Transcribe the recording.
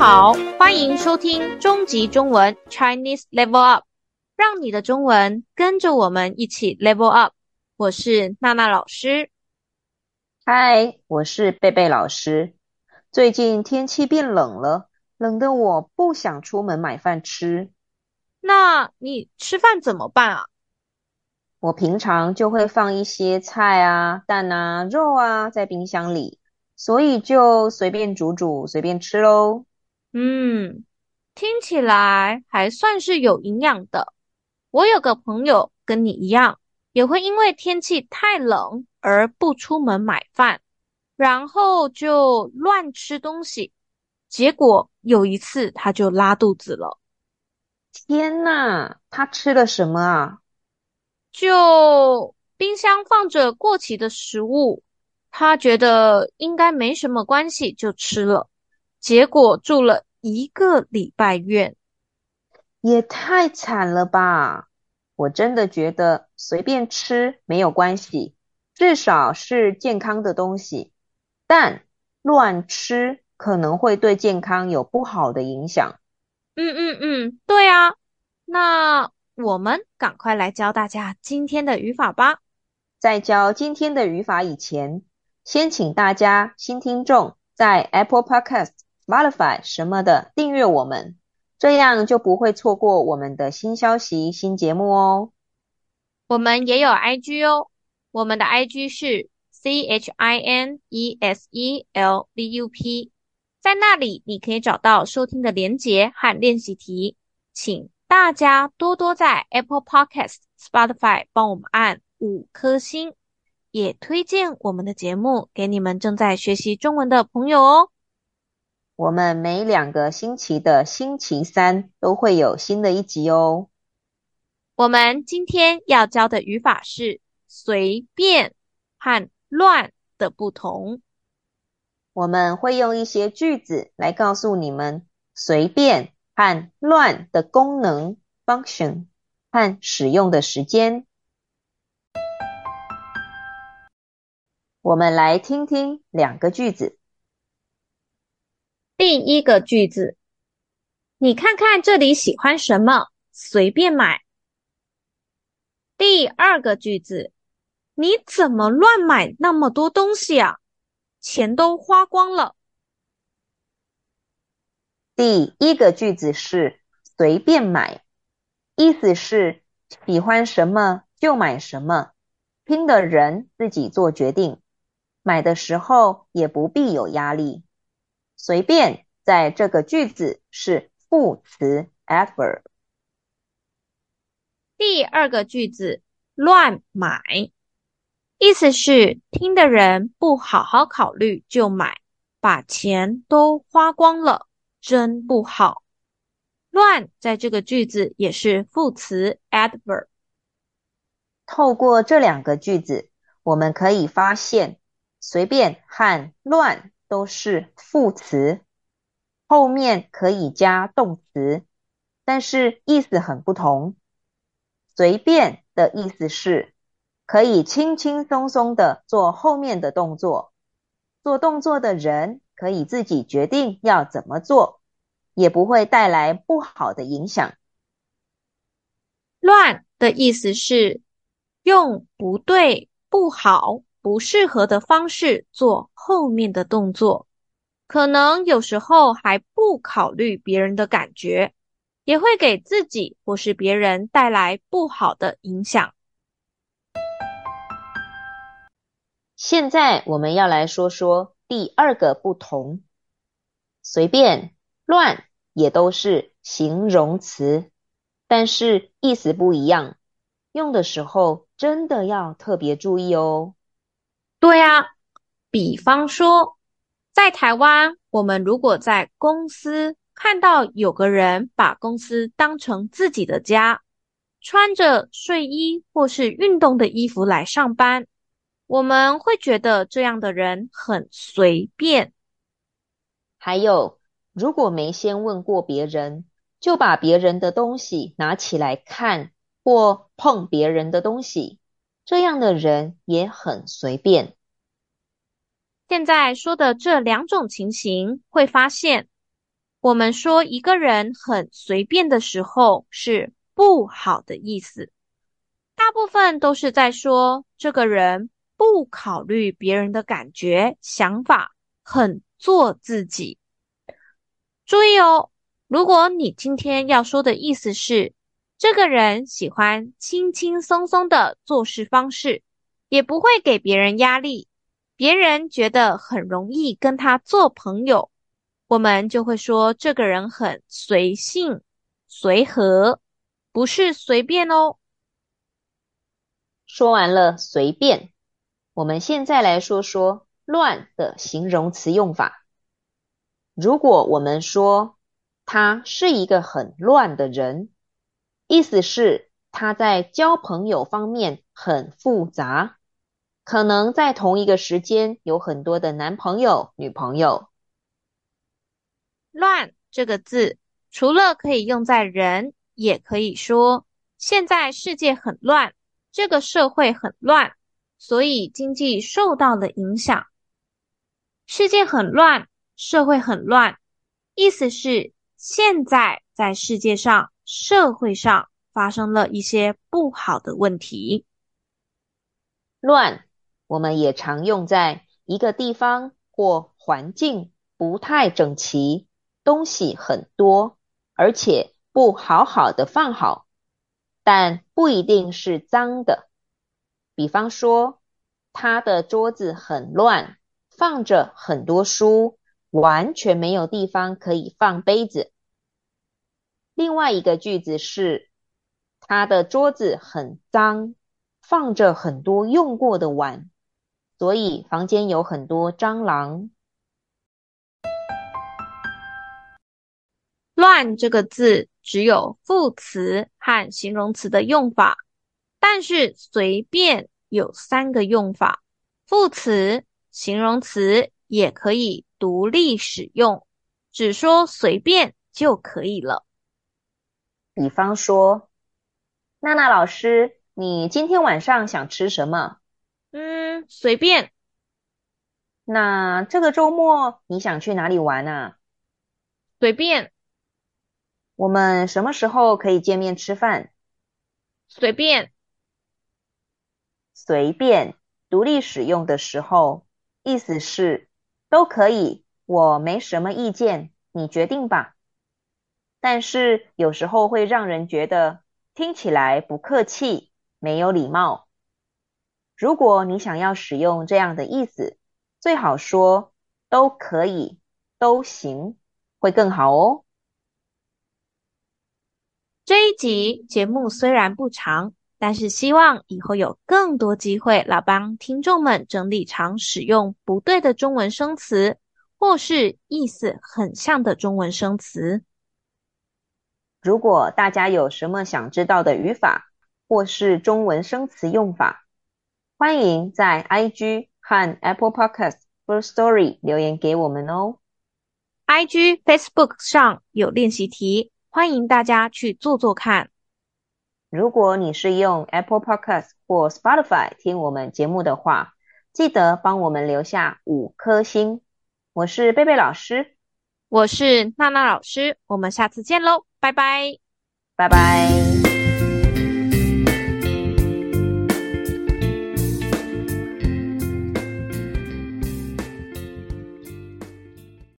好，歡迎收聽終極中文 Chinese Level Up，讓你的中文跟着我們一起 Level Up。我是娜娜老師。嗨，我是貝貝老師。最近天氣變冷了，冷得我不想出門買飯吃。那你吃飯怎麼辦啊？我平常就會放一些菜啊、蛋啊、肉啊在冰箱裡，所以就隨便煮煮，隨便吃嘍。嗯，聽起來還算是有營養的。我有個朋友跟你一樣，也會因為天氣太冷而不出門買飯，然後就亂吃東西。結果有一次他就拉肚子了。天哪，他吃了什麼啊？就冰箱放着過期的食物，他覺得應該沒什麼關係，就吃了。結果住了一個禮拜院，也太慘了吧！我真的覺得隨便吃沒有關係，至少是健康的東西，但亂吃可能會對健康有不好的影響。嗯嗯嗯，對啊。那我們趕快來教大家今天的語法吧。在教今天的語法以前，先請大家新聽眾在 Apple Podcast。Spotify 什麼的，訂閱我們，這樣就不會錯過我們的新消息、新節目哦。我們也有 IG 哦，我們的 IG 是 ChineseLVUP，在那裡你可以找到收聽的鏈接和練習題。請大家多多在 Apple Podcast、Spotify 幫我們按五顆星，也推薦我們的節目給你們正在學習中文的朋友哦。我們每兩個星期的星期三都會有新的一集哦。我們今天要教的語法是“隨便”和“亂”的不同。我們會用一些句子來告訴你們“隨便”和“亂”的功能 （function） 和使用的時間。我們來聽聽兩個句子。第一個句子，你看看這裡喜歡什麼，隨便買。第二個句子，你怎麼亂買那麼多東西啊？錢都花光了。第一個句子是隨便買，意思是喜歡什麼就買什麼，拼的人自己做決定，買的時候也不必有壓力。隨便，在這個句子是副詞，adverb。第二個句子亂買，意思是聽的人不好好考慮就買，把錢都花光了，真不好。亂在這個句子也是副詞，adverb。透過這兩個句子，我們可以發現，隨便和亂。都是副詞，後面可以加動詞，但是意思很不同。隨便的意思是可以輕輕鬆鬆的做後面的動作，做動作的人可以自己決定要怎麼做，也不會帶來不好的影響。亂的意思是用不對，不好。不適合的方式做後面的動作，可能有時候還不考慮別人的感覺，也會給自己或是別人帶來不好的影響。現在我們要來說說第二個不同。隨便、亂也都是形容詞，但是意思不一樣，用的時候真的要特別注意哦。對啊，比方說，在台灣，我們如果在公司看到有個人把公司當成自己的家，穿着睡衣或是運動的衣服來上班，我們會覺得這樣的人很隨便。還有，如果沒先問過別人，就把別人的東西拿起來看或碰別人的東西。這樣的人也很隨便。現在說的這兩種情形，會發現，我們說一個人很隨便的時候，是不好的意思。大部分都是在說這個人不考慮別人的感覺、想法，很做自己。注意哦，如果你今天要說的意思是，這個人喜歡輕輕鬆鬆的做事方式，也不會給別人壓力，別人覺得很容易跟他做朋友。我們就會說這個人很隨性、隨和，不是隨便哦。說完了隨便，我們現在來說說亂的形容詞用法。如果我們說他是一個很亂的人。意思是他在交朋友方面很複雜，可能在同一個時間有很多的男朋友、女朋友。亂這個字除了可以用在人，也可以說現在世界很亂，這個社會很亂，所以經濟受到了影響。世界很亂，社會很亂，意思是現在在世界上。社會上發生了一些不好的問題。亂，我們也常用在一個地方或環境不太整齊，東西很多，而且不好好的放好，但不一定是髒的。比方說，他的桌子很亂，放着很多書，完全沒有地方可以放杯子。另外一個句子是，他的桌子很髒，放着很多用過的碗，所以房間有很多蟑螂。亂這個字只有副詞和形容詞的用法，但是隨便有三個用法，副詞、形容詞也可以獨立使用，只說隨便就可以了。比方說，娜娜老師，你今天晚上想吃什麼？嗯，隨便。那這個周末你想去哪裡玩啊？隨便。我們什麼時候可以見面吃飯？隨便。隨便，獨立使用的時候，意思是都可以，我沒什麼意見，你決定吧。但是有時候會讓人覺得聽起來不客氣、沒有禮貌。如果你想要使用這樣的意思，最好說“都可以”“都行”會更好哦。這一集節目雖然不長，但是希望以後有更多機會，來幫聽眾們整理常使用不對的中文生詞，或是意思很像的中文生詞。如果大家有什麼想知道的語法，或是中文生詞用法，歡迎在 IG 和 Apple Podcast Firstory 留言給我們哦。IG Facebook 上有練習題，歡迎大家去做做看。如果你是用 Apple Podcast 或 Spotify 聽我們節目的話，記得幫我們留下五顆星。我是貝貝老師，我是娜娜老師，我們下次見嘍。拜拜，拜拜。